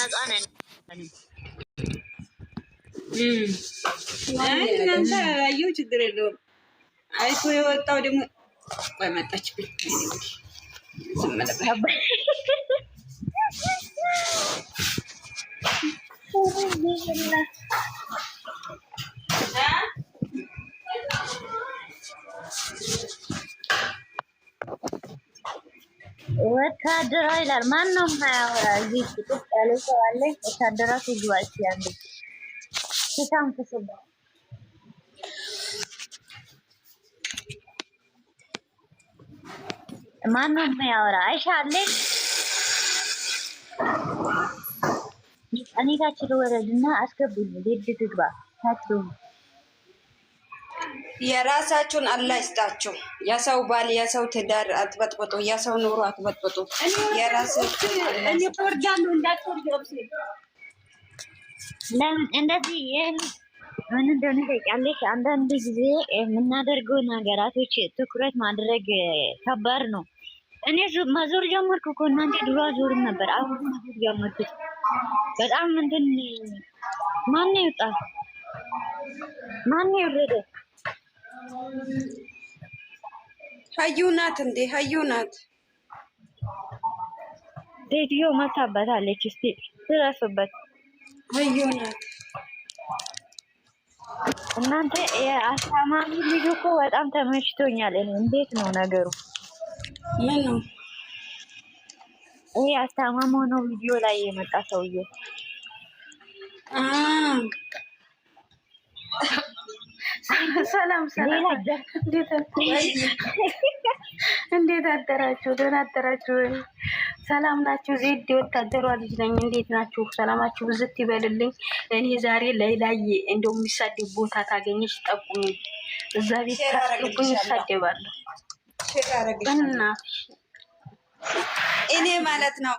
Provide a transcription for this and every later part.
నాకు እናንተ አየሁ። ችግር የለውም። አይቶ የወጣው ደግሞ ቆይ መጣችብኝ። ዝም ወታደራዊ ይላል። ማንም ሀያወራ እዚህ ጥጥ ያለ ሰው አለ። ወታደራት ይግባ ይችላል። ሲታም ተሰባ ማንም ሀያወራ አይሻ አለ። እኔ ታች ልወረድና አስገቡኝ። ግድ ትግባ ታች የራሳችሁን አላህ ይስጣችሁ። የሰው ባል የሰው ትዳር አትበጥብጡ፣ የሰው ኑሮ አትበጥብጡ። የራሳችሁን እንደዚህ ምን አንዳንድ ጊዜ የምናደርገው ነገራቶች ትኩረት ማድረግ ከባድ ነው። እኔ መዞር ጀመርኩ እኮ እናንተ ድሮ አዞርም ነበር፣ አሁን መዞር ጀመርኩት። በጣም እንትን ማነው ይውጣ ማነው ይውረደ ሀዩ ናት እንዴ? ሀዩ ናት። ሬዲዮ መታበታለች። እስቲ ድረሱበት። ሀዩ ናት። እናንተ የአስተማሪ ልጅ እኮ በጣም ተመችቶኛል። እኔ እንዴት ነው ነገሩ? ምን ነው ይሄ አስተማማኝ ቪዲዮ ላይ የመጣ ሰውዬ ሰላም ሰላም፣ እንዴት አደራችሁ? ደህና አደራችሁ? ሰላም ናችሁ? ዜድ የወታደሯ ልጅ ነኝ። እንዴት ናችሁ? ሰላማችሁ ብዝት ይበልልኝ። እኔ ዛሬ ላይላይ እንደው የሚሳደብ ቦታ ታገኘች ጠቁሚ። እዛ ቤት ታስገቡኝ ይሳደባለሁ እና እኔ ማለት ነው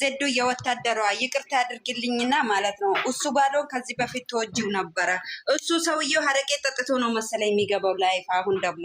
ዘዶ የወታደሯ ይቅርታ አድርግልኝና ማለት ነው እሱ ባለው ከዚህ በፊት ተወጅው ነበረ። እሱ ሰውየው ሀረቄ ጠጥቶ ነው መሰለኝ የሚገባው ላይፍ። አሁን ደግሞ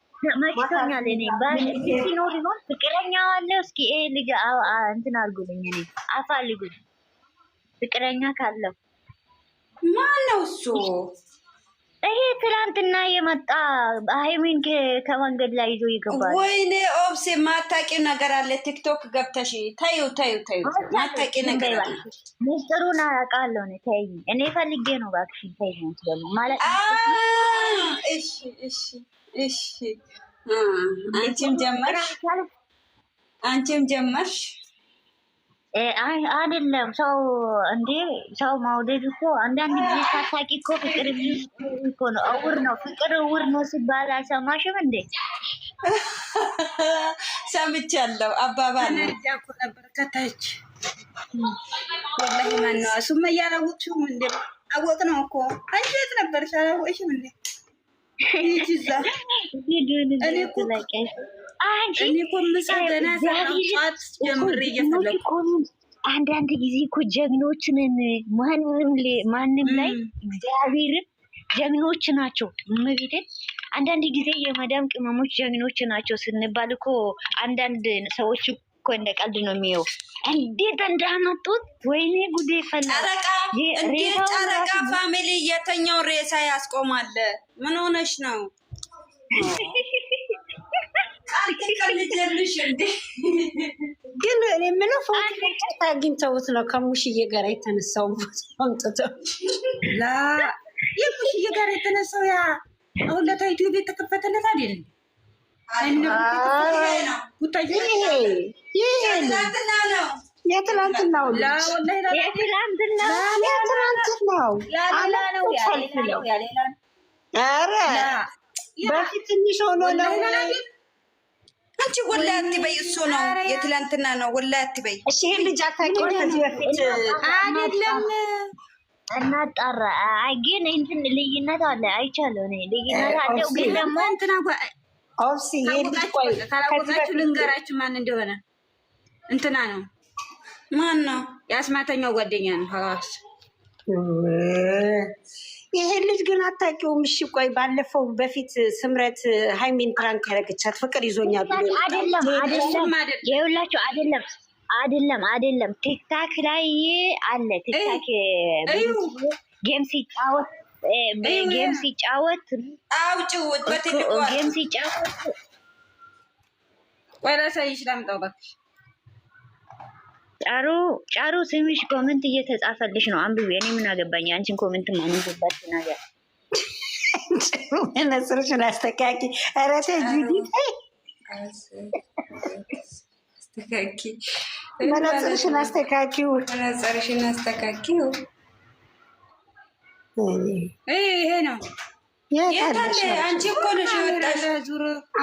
መችቶኛል። እኔ ሲኖር ይሆን ፍቅረኛ አለ። እስኪ ይሄ ልጅ እንትን አድርጉልኝ፣ እኔ አፋልጉኝ። ፍቅረኛ ካለው ማነው እሱ? ይሄ ትላንትና የመጣ ሀይሚን ከመንገድ ላይ ይዞ ይገባል። ወይኔ ኦብሴ፣ ማታውቂው ነገር አለ። ቲክቶክ ገብተሽ ታዩ ታዩ ታዩ፣ ማታውቂው ነገር አለ። ምስጢሩን አውቃለሁ እኔ። ተይኝ፣ እኔ ፈልጌ ነው እባክሽን፣ ተይኝ። ማለት እሺ፣ እሺ እሺ አንቺም ጀመርሽ አንቺም ጀመርሽ? አይደለም። ሰው እንዴ ሰው መውደድ እኮ አንዳንድ ጊዜ ሳታቂ እኮ ፍቅር እኮ ነው፣ እውር ነው ፍቅር እውር ነው ሲባል አልሰማሽም እንዴ? ሰምቻለሁ። አባባል ጃቁ ነበር ከታች ወላሂ ማነዋ ሱመያ አላወቅሽም እንዴ? አወቅ ነው እኮ አንቺ የት ነበርሽ? አላወቅሽም እንዴ? አንዳንድ ጊዜ እኮ ጀግኖች ነን። ማንም ላይ እግዚአብሔርን ጀግኖች ናቸው እመቤቴን። አንዳንድ ጊዜ የመዳም ቅመሞች ጀግኖች ናቸው ስንባል እኮ አንዳንድ ሰዎች እኮ እንደ ቀልድ ነው የሚየው። እንዴት እንዳመጡት ወይኔ ጉዴ ፈላ። እንዴት ጨረቃ ፋሚሊ የተኛው ሬሳ ያስቆማል? ምን ሆነሽ ነው? ግን እኔ የምለው ፎቶ አግኝተውት ነው ከሙሽዬ ጋር የተነሳው ፎቶ አምጥተው የሙሽዬ ጋር የተነሳው ያ አሁን ለታ ኢትዮጵያ የተከፈተለት አይደለም አንቺ ወላ አትበይ፣ እሱ ነው የትላንትና ነው። ወላ አትበይ። እሺ ይሄን ልጅ አታውቂውም? ከዚህ በፊት አይደለም እናጣራ። አይ ግን እንትን ልዩነት አለ። አይቻለሁ። ልዩነት አለው ግን ደግሞ እንትና አሁን ካላወቃችሁ ልንገራችሁ ማን እንደሆነ። እንትና ነው ማን ነው? የአስማተኛው ጓደኛ ነው። ሀላስ ይሄን ልጅ ግን አታውቂውም። እሺ ቆይ ባለፈው በፊት ስምረት ሃይሚን ፕራንክ ያደረገቻት ፍቅር ይዞኛል አይደለም አይደለም ይኸውላችሁ አይደለም አይደለም አይደለም ቲክታክ ላይ አለ ቲክታክ ጌም ሲጫወት ጌም ሲጫወት ጌም ሲጫወት ጫሩ ጫሩ ስምሽ ኮመንት እየተጻፈልሽ ነው። አንብቤ እኔ ምን አገባኝ? አንቺን ኮመንት ማንብባት ነገር ነስርሽን አስተካኪ። ኧረ ተይ ጁዲት መነጽርሽን አስተካኪው፣ መነጽርሽን አስተካኪው ይሄ ነው። አንቺ እኮ ነሽ የወጣሽ፣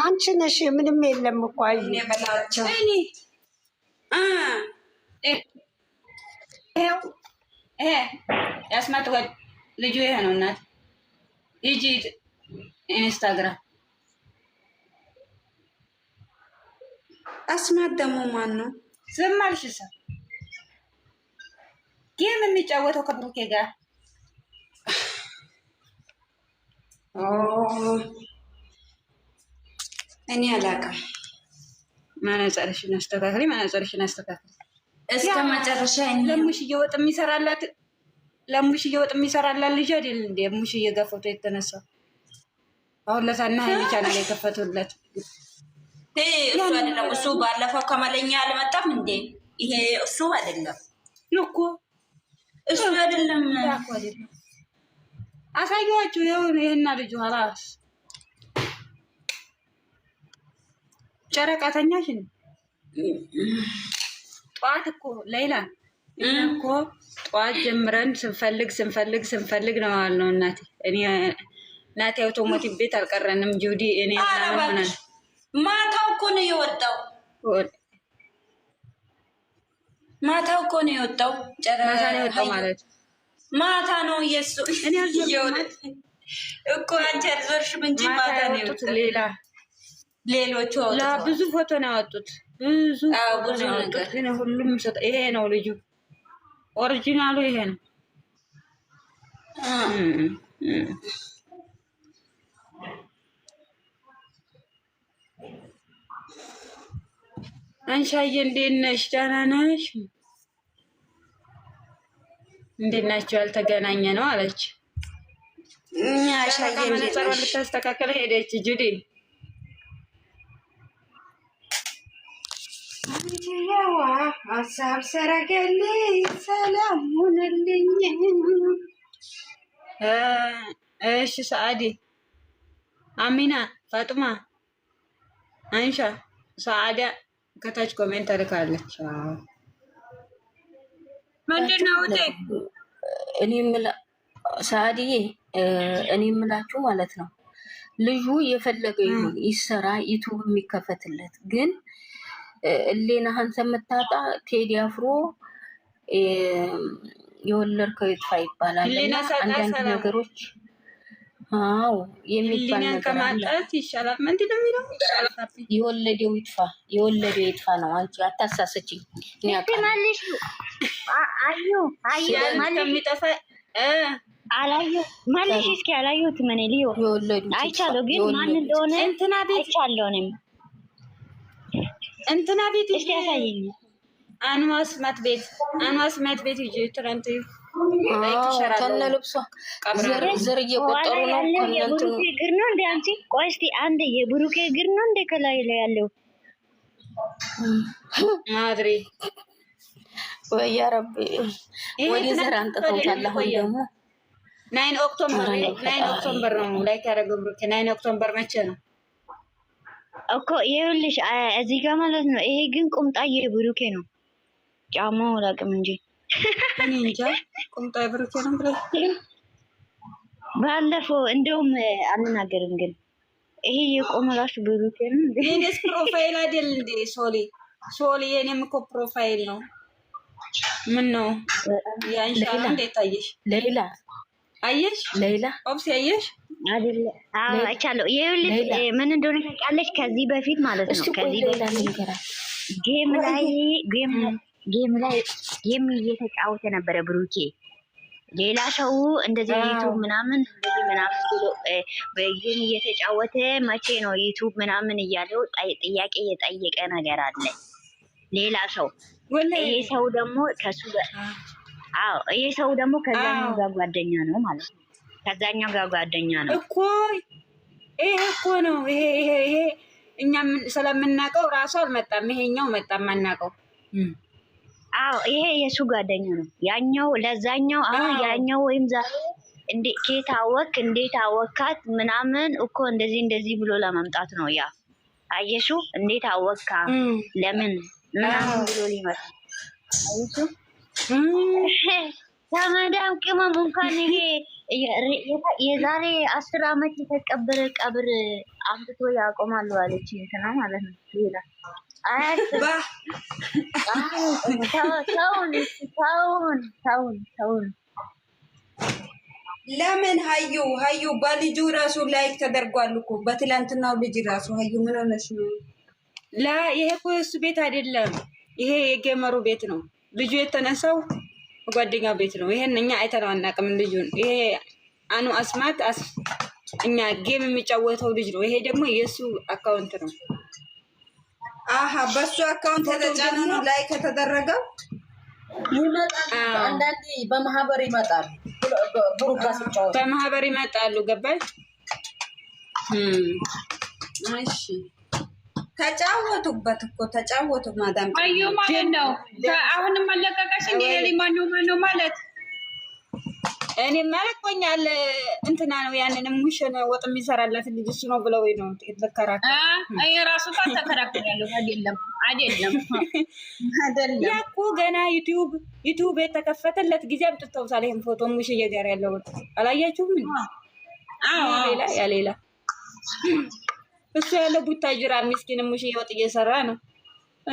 አንቺ ነሽ። ምንም የለም እኮ አዩ ያስማጥ ልጁ ይሄ ነው። እናት ሂጂ ኢንስታግራም አስማት ደግሞ ማን ነው? ዝም አልሽ። ሰው ጌም የሚጫወተው ከብሩኬ ጋር እኔ አላውቅም። መነጽርሽን አስተካክሊ፣ መነጽርሽን አስተካክሊ እስከ መጨረሻ። ለሙሽዬ ወጥ የሚሰራላት ለሙሽዬ ወጥ የሚሰራላት ልጅ አይደል እንዴ? ሙሽዬ ጋር ፎቶ የተነሳው አሁን ለሳና ሀይሚ ቻናል የከፈቱለት እሱ አይደለም። እሱ ባለፈው ከመለኛ አልመጣም እንዴ? ይሄ እሱ አይደለም እኮ እሱ አይደለም አሳየኋችሁ። ይሁን ይሄና ልጁ ሀላስ ጨረቃተኛሽን ጠዋት እኮ ሌላ እኮ ጠዋት ጀምረን ስንፈልግ ስንፈልግ ስንፈልግ ነው ያልነው። እናቴ እኔ እናቴ አውቶሞቲቭ ቤት አልቀረንም። ጁዲ እኔ ምናምን ማታው እኮ ነው የወጣው። ማታው እኮ ነው የወጣው። ጨረቃ ማለት ነው ማታ ነው እየሱ እኮ አንቺ አልዞርሽም እንጂ ማታ ነው የወጡት። ሌላ ሌሎቹ ብዙ ፎቶ ነው ያወጡት። ብዙ ብዙ ነገር ሁሉም ይሄ ነው ልጁ ኦሪጂናሉ ይሄ ነው። አንሻዬ እንዴት ነሽ? ደህና ነሽ? እንዴት ናቸው ያልተገናኘ ነው አለች። መነጽሯን ልታስተካከል ሄደች። ጁዲ አንቺዬዋ ሀሳብ ሰረገሌ ሰላም ሆነልኝ። እሺ ሰአዲ፣ አሚና፣ ፋጡማ፣ አንሻ ሰአዳ ከታች ኮሜንት አልካለች። ምንድነው ሰአድዬ እኔ የምላችሁ ማለት ነው ልጁ የፈለገ ይሁን ይሰራ፣ ዩቱብ የሚከፈትለት ግን እሌናህን ሰምታጣ ቴዲ አፍሮ የወለድከው ይጥፋ ይባላል። አንዳንድ ነገሮች አዎ የሚባል ከማጣት ይሻላል። ምንድን ነው የሚለው? የወለደው ይጥፋ፣ የወለደው ይጥፋ ነው። አንቺ አታሳሰችኝ። አላየሁ እስኪ ልዩ አይቻለሁ፣ ግን ማን እንደሆነ እንትና ቤት እንትና ቤት እስኪ ቤት ቤት ከነ ልብሷ ዘር እየቆጠሩ ነው። የብሩኬ እግር ነው አንቺ። ቆይ እስኪ አንዴ የብሩኬ እግር ነው ከላይ ላይ ያለው ወይ ያረቢ ወደ ዘር አሁን ደግሞ ናይን ናይን ነው ያደረገው ብሩኬ። ናይን ኦክቶበር መቼ ነው እኮ ይኸውልሽ፣ እዚህ ጋር ማለት ነው። ይሄ ግን ቁምጣ የብሩኬ ነው። ጫማው ላቅም እንጂ እኔ እንጃ ቁምጣ የብሩኬ ነው ብለሽ ባለፈው እንደውም ግን ይሄ ብሩኬ ነው። የኔስ ፕሮፋይል አይደል እንዴ? ሶሊ ሶሊ፣ እኮ ፕሮፋይል ነው። ምን ነው እንዴት ሌላ አየሽ፣ ሌላ ኦብስ አየሽ አይደለ? አዎ አይቻለሁ። ይኸውልሽ ምን እንደሆነ ታውቂያለሽ? ከዚህ በፊት ማለት ነው ከዚህ በፊት ጌም ላይ ጌም ጌም ላይ ጌም እየተጫወተ ነበረ ብሩኬ። ሌላ ሰው እንደዚህ ዩቱብ ምናምን እንደዚህ ምናምን ብሎ በጌም እየተጫወተ መቼ ነው ዩቱብ ምናምን እያለው ጥያቄ እየጠየቀ ነገር አለ። ሌላ ሰው ይሄ ሰው ደግሞ ከሱ አዎ፣ ይሄ ሰው ደግሞ ከዛኛው ጋር ጓደኛ ነው ማለት ነው። ከዛኛው ጋር ጓደኛ ነው እኮ ይሄ እኮ ነው ይሄ ይሄ ይሄ እኛ ስለምናውቀው ራሱ አልመጣም፣ ይሄኛው መጣ አናውቀው አዎ ይሄ የሱ ጓደኛ ነው። ያኛው ለዛኛው አ ያኛው ወይም ዛ እንዴ ኬት አወክ እንዴት አወካት ምናምን እኮ እንደዚህ እንደዚህ ብሎ ለማምጣት ነው። ያ አየሹ እንዴት አወካ ለምን ምናምን ብሎ ሊመጣ አየሹ ተመዳም ቅመም እንኳን ይሄ የዛሬ አስር አመት የተቀበረ ቀብር አምጥቶ ያቆማሉ አለች እንትና ማለት ነው ይላል ለምን ሀዩ ሀዩ በልጁ ራሱ ላይክ ተደርጓል እኮ በትላንትናው ልጅ ራሱ ሀዩ ምን ሆነሽ ነው? ላ ይሄ እኮ የእሱ ቤት አይደለም። ይሄ የጌመሩ ቤት ነው። ልጁ የተነሳው ጓደኛው ቤት ነው። ይሄን እኛ አይተነው አናውቅም። ልጁን ይሄ አኑ አስማት እኛ ጌም የሚጫወተው ልጅ ነው። ይሄ ደግሞ የእሱ አካውንት ነው። አሀ በሱ አካውንት ነው ላይ ከተደረገው ይመጣል። አንዳንዴ በማህበር ይመጣል፣ በማህበር ይመጣሉ። ገባይ እሺ ተጫወቱበት እኮ ተጫወቱ። ማዳም አዩ ማለት ነው። አሁንም መለቀቀሽ እንዲ ማነው ማነው ማለት እኔ ማለቆኛል እንትና ነው ያንን ሙሽን ወጥ የሚሰራላት ልጅ እሱ ነው ብለው ነው የተከራከረ። ራሱ ጋር ተከራክሬያለሁ። አይደለም አይደለም አይደለም፣ ገና ዩቲዩብ ዩቲዩብ የተከፈተለት ጊዜ አምጥተውታል። ይህም ፎቶ ሙሽ እየገር ያለው አላያችሁም? ሌላ ያ ሌላ እሱ ያለው ቡታጅራ ምስኪን ሙሽ ወጥ እየሰራ ነው።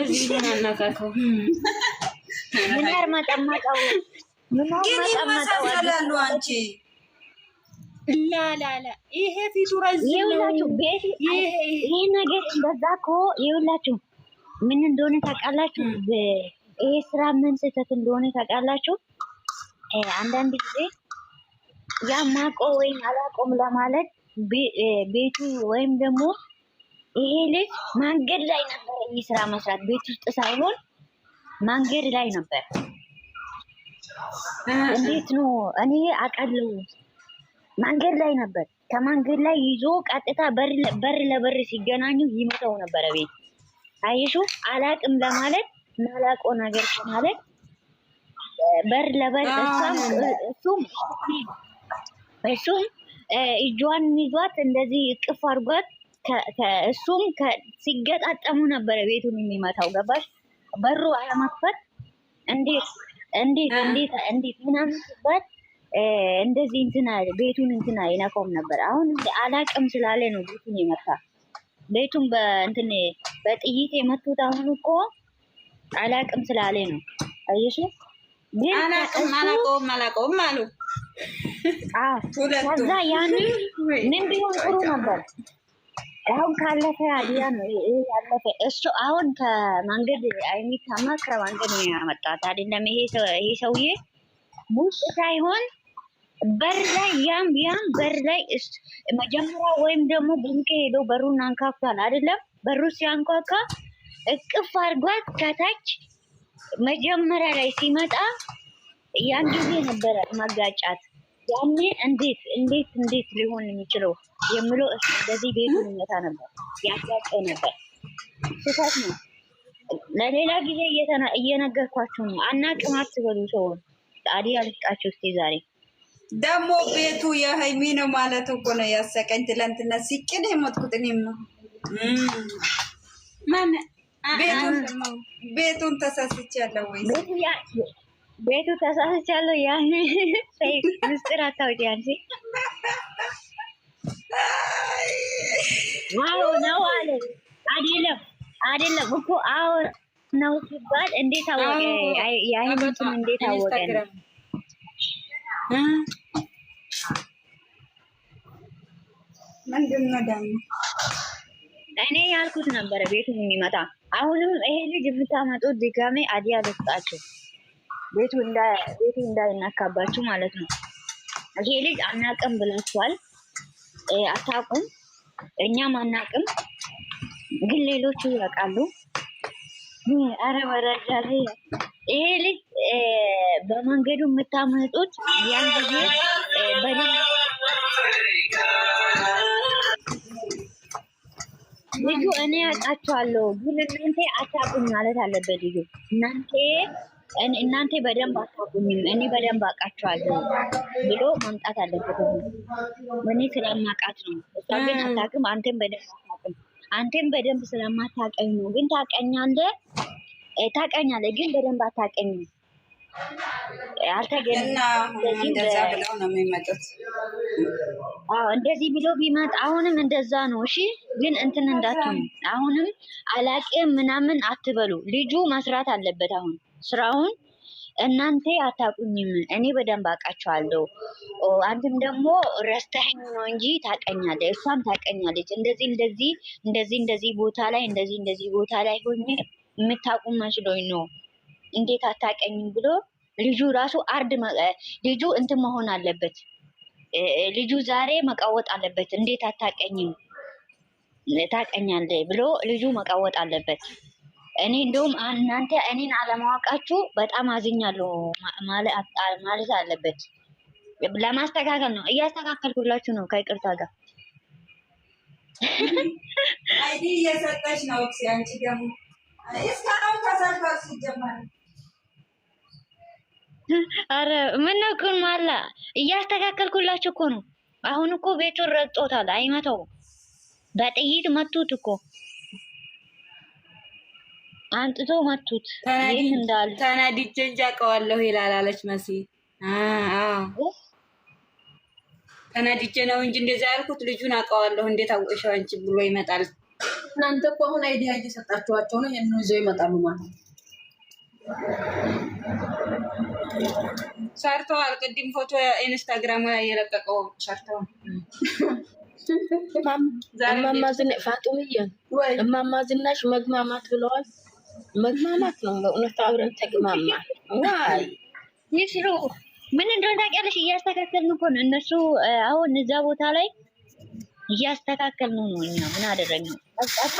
እዚህ ምን አናካከው ምን ያርማጠማቀው ግን ይመሳሰላሉ። አንቺ ላላላ ይሄ ፊቱ ረዝላችሁ ቤት ይሄ ነገር እንደዛ እኮ ይኸውላችሁ፣ ምን እንደሆነ ታውቃላችሁ? ይሄ ስራ ምን ስህተት እንደሆነ ታውቃላችሁ? አንዳንድ ጊዜ ያማቆ ወይም አላቆም ለማለት ቤቱ ወይም ደግሞ ይሄ ልጅ መንገድ ላይ ነበር ይህ ስራ መስራት ቤት ውስጥ ሳይሆን መንገድ ላይ ነበር እንዴት ነው? እኔ አውቃለሁ። መንገድ ላይ ነበር። ከመንገድ ላይ ይዞ ቀጥታ በር ለበር ሲገናኙ ይመጣው ነበረ ቤት። አይሹ አላቅም ለማለት ማላቆ ነገር ማለት በር ለበር እሱም እሱም እጇን ይዟት እንደዚህ እቅፍ አድርጓት እሱም ሲገጣጠሙ ነበረ ቤቱን የሚመታው ገባሽ? በሩ አለመክፈት እንዴት እንዴት እንዴት እንዴት ምናምን ሲባል እንደዚህ እንትና ቤቱን እንትና ይነካውም ነበር። አሁን አላቅም ስላለ ነው ቤቱን የመታ ቤቱን በእንትን በጥይት የመቱት። አሁን እኮ አላቅም ስላለ ነው። አየሽ ግን አላቅም አላቀውም አላቀውም አሉ። አዎ ከዛ ያንን ምን ቢሆን ጥሩ ነበር አሁን ካለፈ አዲያ ነው ይሄ ያለፈ። እሱ አሁን ከመንገድ አይሚታማ ከመንገድ ነው ያመጣት አይደለም። ይሄ ሰውዬ ውስጥ ሳይሆን በር ላይ ያም ያም በር ላይ መጀመሪያ ወይም ደግሞ ብንከ ሄዶ በሩን አንኳኳል አይደለም። በሩ ሲያንኳኳ እቅፍ አድርጓት ከታች መጀመሪያ ላይ ሲመጣ ያን ጊዜ ነበረ መጋጫት ያኔ እንዴት እንዴት እንዴት ሊሆን የሚችለው የምለው እንደዚህ ቤቱን ይመታ ነበር ያጋጨ ነበር። ስህተት ነው። ለሌላ ጊዜ እየተና እየነገርኳችሁ ነው። አናቅም አትበሉ። ሰውን ጣዲ አልቃችሁ እስቲ ዛሬ ደግሞ ቤቱ የሀይሚ ነው ማለት እኮ ነው ያሰቀኝ። ትላንትና የሞትኩት እኔም ነው ማን ቤቱን ተሳስቻለሁ ወይ ቤቱ ተሳስቻለሁ። ያን ምስጢር አታውቂ አንቺ። አዎ ነው አለ። አይደለም አይደለም እኮ አዎ ነው ሲባል እንዴት አወቀ? የአይነቱም እንዴት አወቀ? ምንድን ነው እኔ ያልኩት ነበረ ቤቱ የሚመጣ አሁንም ይሄ ልጅ ብታመጡት ድጋሜ አዲያ ልስጣችሁ ቤቱ እንዳይነካባችሁ ማለት ነው። ይሄ ልጅ አናቅም ብላችኋል። አታቁም፣ እኛም አናቅም፣ ግን ሌሎቹ ያውቃሉ። አረ መረጃ ይሄ ልጅ በመንገዱ የምታመጡት ያን ጊዜ ልጁ እኔ ያውቃችኋለሁ፣ ግን እናንተ አታውቁም ማለት አለበት ልጁ እናንተ እናንተ በደንብ አታውቁኝም፣ እኔ በደንብ አውቃቸዋለሁ ብሎ መምጣት አለበት። እኔ ስለማውቃት ነው፣ እሷ ግን አታውቅም። አንተም በደንብ አታውቅም። አንተም በደንብ ስለማታውቀኝ ነው። ግን ታውቀኛለህ፣ ታውቀኛለህ፣ ግን በደንብ አታውቀኝም። አልተገኘም። እንደዚህ ብሎ ቢመጣ አሁንም እንደዛ ነው። እሺ ግን እንትን እንዳትሆኑ አሁንም አላውቅም ምናምን አትበሉ። ልጁ መስራት አለበት አሁን ስራውን እናንተ አታቁኝም፣ እኔ በደንብ አውቃቸዋለሁ። አንድም ደግሞ ረስተኸኝ ነው እንጂ ታቀኛለ፣ እሷም ታቀኛለች። እንደዚህ እንደዚህ እንደዚህ እንደዚህ ቦታ ላይ እንደዚህ እንደዚህ ቦታ ላይ ሆኜ የምታውቁ መስሎኝ ነው እንዴት አታቀኝም ብሎ ልጁ ራሱ አርድ ልጁ እንትን መሆን አለበት። ልጁ ዛሬ መቃወጥ አለበት። እንዴት አታቀኝም ታቀኛለ ብሎ ልጁ መቃወጥ አለበት። እኔ እንደውም እናንተ እኔን አለማወቃችሁ በጣም አዝኛለሁ ማለት አለበት። ለማስተካከል ነው፣ እያስተካከልኩላችሁ ነው ከይቅርታ ጋር አይዲ እየሰጠች ነው። እክሲ አንቺ ደግሞ እስካሁን ተሰርቷል ሲጀመር አረ ምን ማላ እያስተካከልኩላችሁ እኮ ነው። አሁን እኮ ቤቱን ረግጦታል፣ አይመታውም። በጥይት መቱት እኮ አንጥቶ መቱት። ይህም እንዳሉ ተናድጄ እንጂ አውቀዋለሁ ይላል አለች መሲ። ተናድጄ ነው እንጂ እንደዛ ያልኩት ልጁን አውቀዋለሁ እንዴት አወቅሽው አንቺ ብሎ ይመጣል። እናንተ እኮ አሁን አይዲያ እየሰጣችኋቸው ነው። ይህን ይዘው ይመጣሉ ማለት ነው። ሰርተዋል። ቅድም ፎቶ ኢንስታግራም ላይ የለቀቀው ሰርተዋል። እማማ ዝናሽ መግማማት ብለዋል። መግማማት ነው በእውነት አብረን ተግማማል ዋይ ይስሩ ምን እንደሆነ ታውቂያለሽ? እያስተካከልን እኮ ነው። እነሱ አሁን እዛ ቦታ ላይ እያስተካከልን ነው። እኛ ምን አደረግነው?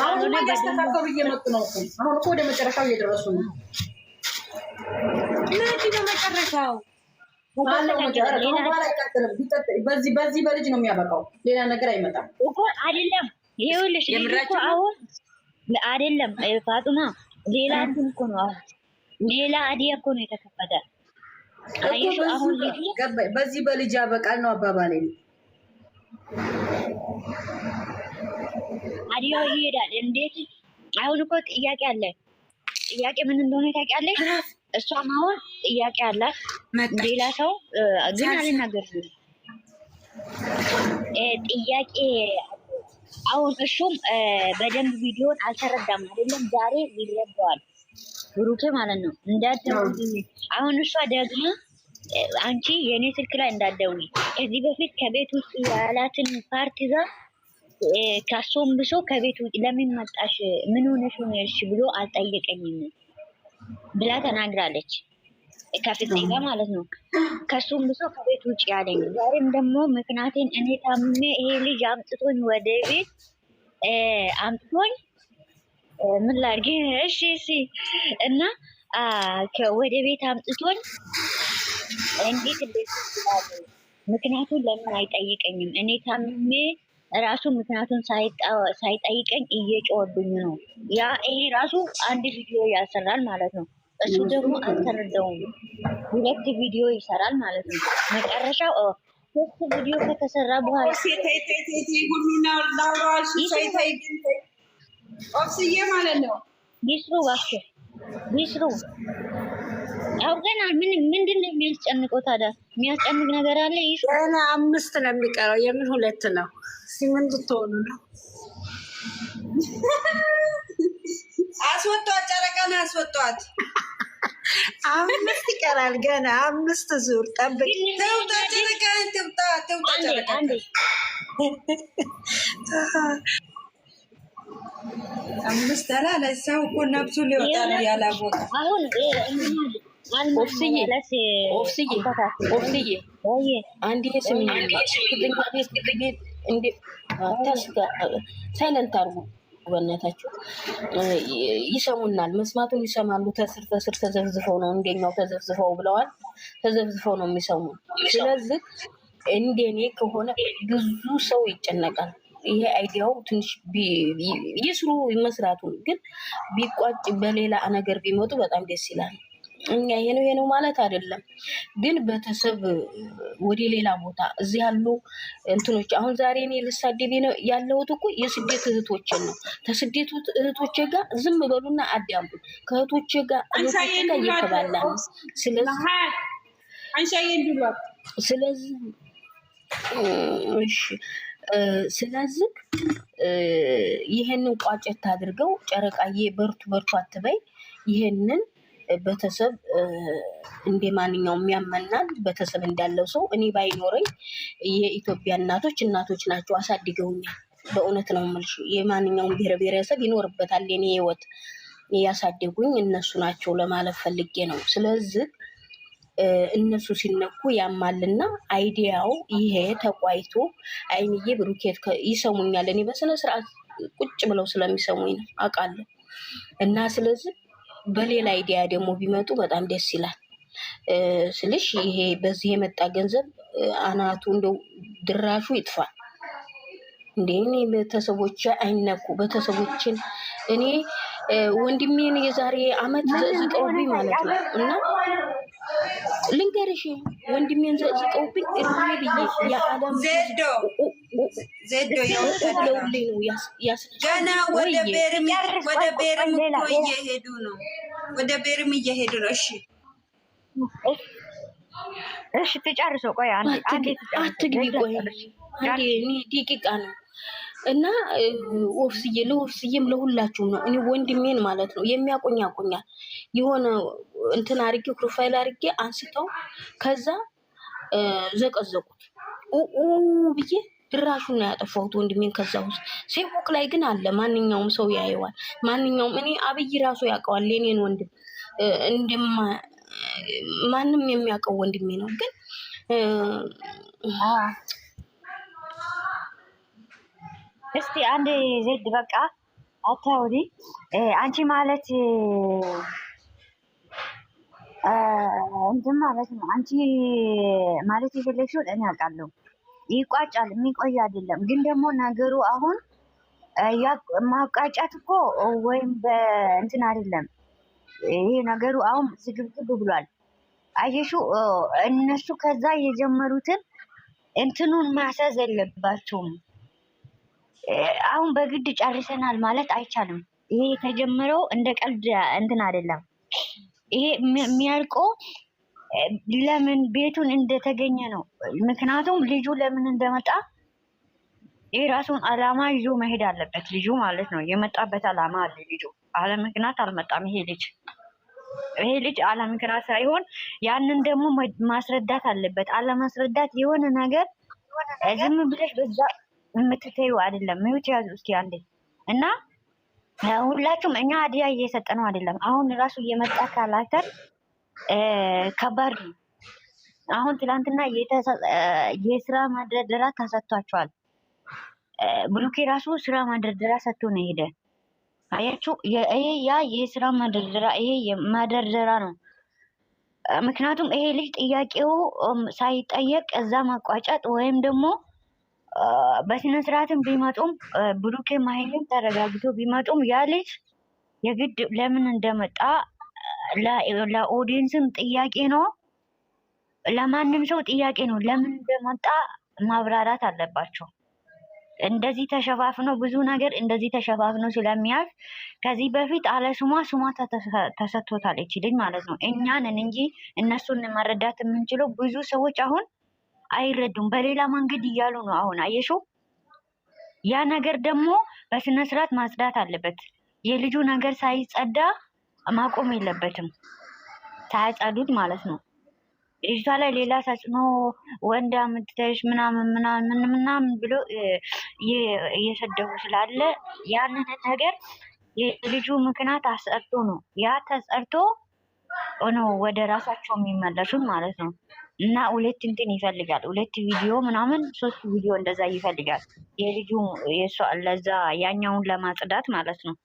አሁን እያስተካከሉ እየመጡ ነው። አሁን እኮ ወደ መጨረሻው እየደረሱ ነው። ምንድ በመጨረሻው በዚህ በልጅ ነው የሚያበቃው። ሌላ ነገር አይመጣም እኮ አይደለም። ይኸውልሽ አሁን አይደለም ፋጡማ ሌላ እንትን እኮ ነው፣ ሌላ አዲ እኮ ነው የተከፈተ። አሁን በዚህ በልጅ አበቃል ነው አባባሌ። አዲዮ ይሄዳል። እንዴት አሁን እኮ ጥያቄ አለ። ጥያቄ ምን እንደሆነ ታውቂያለሽ? እሷም አሁን ጥያቄ አላት። ሌላ ሰው ግን አልናገርም ጥያቄ አሁን እሱም በደንብ ቪዲዮን አልተረዳም አይደለም። ዛሬ ይረዳዋል ብሩኬ ማለት ነው። እንዳትደውይ አሁን እሷ ደግሞ አንቺ የኔ ስልክ ላይ እንዳደውኝ ከዚህ በፊት ከቤት ውጭ ያላትን ፓርቲ ዛ ካሶም ብሶ ከቤት ውጭ ለምን መጣሽ ምን ሆነሽ ሆነሽ ብሎ አልጠየቀኝም ብላ ተናግራለች። ከፍፄ ጋር ማለት ነው። ከሱም ብሶ ከቤት ውጭ ያለኝ ዛሬም ደግሞ ምክንያቴን እኔ ታምሜ ይሄ ልጅ አምጥቶኝ ወደ ቤት አምጥቶኝ ምን ላድርግ እሺ እሺ እና ወደ ቤት አምጥቶኝ እንዴት እንዴት ይላል። ምክንያቱን ለምን አይጠይቀኝም? እኔ ታምሜ ራሱ ምክንያቱን ሳይጠይቀኝ እየጮህብኝ ነው። ያ ይሄ ራሱ አንድ ቪዲዮ ያሰራል ማለት ነው። እሱ ደግሞ አልተረዳውም። ሁለት ቪዲዮ ይሰራል ማለት ነው። መጨረሻው ሶስት ቪዲዮ ከተሰራ በኋላ ኦፍስዬ ማለት ምን ምንድን ነው የሚያስጨንቀው ታዲያ? የሚያስጨንቅ ነገር አለ? ይሽ ገና አምስት ነው የሚቀረው። የምን ሁለት ነው? ሲምን ነው? አስወጧት፣ ጨረቃን አስወጧት። አምስት ይቀራል ገና አምስት ዙር ጠብቅ። ትውጣ ጨረቃን ትውጣ ትውጣ አምስት አላለ ሰው እኮ ነብሱ ሊወጣ ነው ያላቦታ ሳይለንት አርጉ በእናታችሁ ይሰሙናል፣ መስማቱን ይሰማሉ። ተስር ተስር ተዘፍዝፈው ነው እንደኛው ተዘፍዝፈው ብለዋል። ተዘፍዝፈው ነው የሚሰሙ። ስለዚህ እንደኔ ከሆነ ብዙ ሰው ይጨነቃል። ይሄ አይዲያው ትንሽ ይስሩ፣ መስራቱን ግን ቢቋጭ፣ በሌላ ነገር ቢመጡ በጣም ደስ ይላል። እኛ ይሄ ነው ይሄ ነው ማለት አይደለም፣ ግን ቤተሰብ ወደ ሌላ ቦታ እዚህ ያሉ እንትኖች አሁን ዛሬ እኔ ልሳደቤ ነው ያለሁት እኮ የስደት እህቶችን ነው። ከስደት እህቶች ጋር ዝም በሉና አዳምጡ። ከእህቶች ጋር እህቶች ጋር እየተባላ ነው። ስለዚህ እሺ ስለዚህ ይህንን ቋጨት አድርገው ጨረቃዬ፣ በርቱ በርቱ አትበይ ይህንን ቤተሰብ እንደ ማንኛውም ያመናል። ቤተሰብ እንዳለው ሰው እኔ ባይኖረኝ የኢትዮጵያ እናቶች እናቶች ናቸው፣ አሳድገውኛል። በእውነት ነው የምልሽ። የማንኛውም ብሔር ብሔረሰብ ይኖርበታል። የኔ ህይወት ያሳደጉኝ እነሱ ናቸው ለማለት ፈልጌ ነው። ስለዚህ እነሱ ሲነኩ ያማልና አይዲያው ይሄ ተቋይቶ አይንዬ ብሩኬት ይሰሙኛል። እኔ በስነ ስርዓት ቁጭ ብለው ስለሚሰሙኝ ነው አውቃለሁ። እና ስለዚህ በሌላ አይዲያ ደግሞ ቢመጡ በጣም ደስ ይላል ስልሽ፣ ይሄ በዚህ የመጣ ገንዘብ አናቱ እንደው ድራሹ ይጥፋል። እንዴ እኔ ቤተሰቦቼ አይነኩ፣ ቤተሰቦችን እኔ ወንድሜን የዛሬ አመት ዘቅሮብኝ ማለት ነው እና ልንገርሽ ወንድሜን ዘቀውብኝ እድሜ ብዬ የአለም ዜዶ ዜዶ ብለውልኝ ነው ገና ወደ ቤርም ወደ ቤርም እኮ እየሄዱ ነው። ወደ ቤርም እየሄዱ ነው። እሺ እሺ፣ ትጨርሰው። ቆይ አንዴ አንዴ፣ አትግቢ። ቆይ አንዴ፣ ደቂቃ ነው እና ወፍስዬ ለወፍስዬም ለሁላችሁም ነው። እኔ ወንድሜን ማለት ነው የሚያቆኝ ያቆኛል። የሆነ እንትን አርጌ ፕሮፋይል አርጌ አንስተው ከዛ ዘቀዘቁት ብዬ ድራሹን ነው ያጠፋሁት ወንድሜን። ከዛ ውስጥ ፌስቡክ ላይ ግን አለ። ማንኛውም ሰው ያየዋል። ማንኛውም እኔ አብይ ራሱ ያውቀዋል የኔን ወንድም እንደማ ማንም የሚያውቀው ወንድሜ ነው ግን እስቲ አንድ ዜድ በቃ አታውሪ አንቺ ማለት እንትን ማለት ነው። አንቺ ማለት የፈለግሽውን እኔ አውቃለሁ። ይቋጫል፣ የሚቆይ አይደለም። ግን ደግሞ ነገሩ አሁን ማቋጫት እኮ ወይም በእንትን አይደለም። ይሄ ነገሩ አሁን ዝግብግብ ብሏል። አየሹ እነሱ ከዛ የጀመሩትን እንትኑን ማሰዝ የለባቸውም። አሁን በግድ ጨርሰናል ማለት አይቻልም። ይሄ የተጀመረው እንደ ቀልድ እንትን አይደለም። ይሄ የሚያልቀው ለምን ቤቱን እንደተገኘ ነው። ምክንያቱም ልጁ ለምን እንደመጣ የራሱን አላማ ይዞ መሄድ አለበት ልጁ ማለት ነው። የመጣበት አላማ አለ ልጁ። አለ ምክንያት አልመጣም ይሄ ልጅ ይሄ ልጅ አለ ምክንያት ሳይሆን ያንን ደግሞ ማስረዳት አለበት። አለማስረዳት የሆነ ነገር ዝም ብለሽ በዛ የምትተዩ አይደለም። ሚዩት ያዙ እስኪ አንዴ እና ሁላችሁም እኛ አድያ እየሰጠ ነው አይደለም። አሁን ራሱ እየመጣ ካላተር ከባድ ነው። አሁን ትላንትና የስራ ማደርደራ ተሰጥቷቸዋል። ብሩኬ ራሱ ስራ ማደርደራ ሰጥቶ ነው የሄደ። አያችሁ፣ ይሄ ያ የስራ ማደርደራ ይሄ ማደርደራ ነው። ምክንያቱም ይሄ ልጅ ጥያቄው ሳይጠየቅ እዛ ማቋጫጥ ወይም ደግሞ በስነ ስርዓትም ቢመጡም ብሩኬ ማይልም ተረጋግቶ ቢመጡም ያ ልጅ የግድ ለምን እንደመጣ ለኦዲየንስም ጥያቄ ነው፣ ለማንም ሰው ጥያቄ ነው። ለምን እንደመጣ ማብራራት አለባቸው። እንደዚህ ተሸፋፍኖ ብዙ ነገር እንደዚህ ተሸፋፍኖ ስለሚያዝ ከዚህ በፊት አለ ስሟ ስሟ ተሰጥቶታል። ይችልኝ ማለት ነው እኛንን እንጂ እነሱን መረዳት የምንችለው ብዙ ሰዎች አሁን አይረዱም፣ በሌላ መንገድ እያሉ ነው። አሁን አየሽው፣ ያ ነገር ደግሞ በስነ ስርዓት ማጽዳት አለበት። የልጁ ነገር ሳይጸዳ ማቆም የለበትም፣ ሳያጸዱት ማለት ነው። ልጅቷ ላይ ሌላ ተጽዕኖ ወንድ አምጥተሽ ምናምን ምናምን ምናምን ብሎ እየሰደቡ ስላለ ያንን ነገር የልጁ ምክንያት አሰርቶ ነው ያ ተጸርቶ ነው ወደ ራሳቸው የሚመለሱት ማለት ነው። እና ሁለት እንትን ይፈልጋል ሁለት ቪዲዮ ምናምን ሶስት ቪዲዮ እንደዛ ይፈልጋል። የልጁ የሷ ለዛ ያኛውን ለማጽዳት ማለት ነው።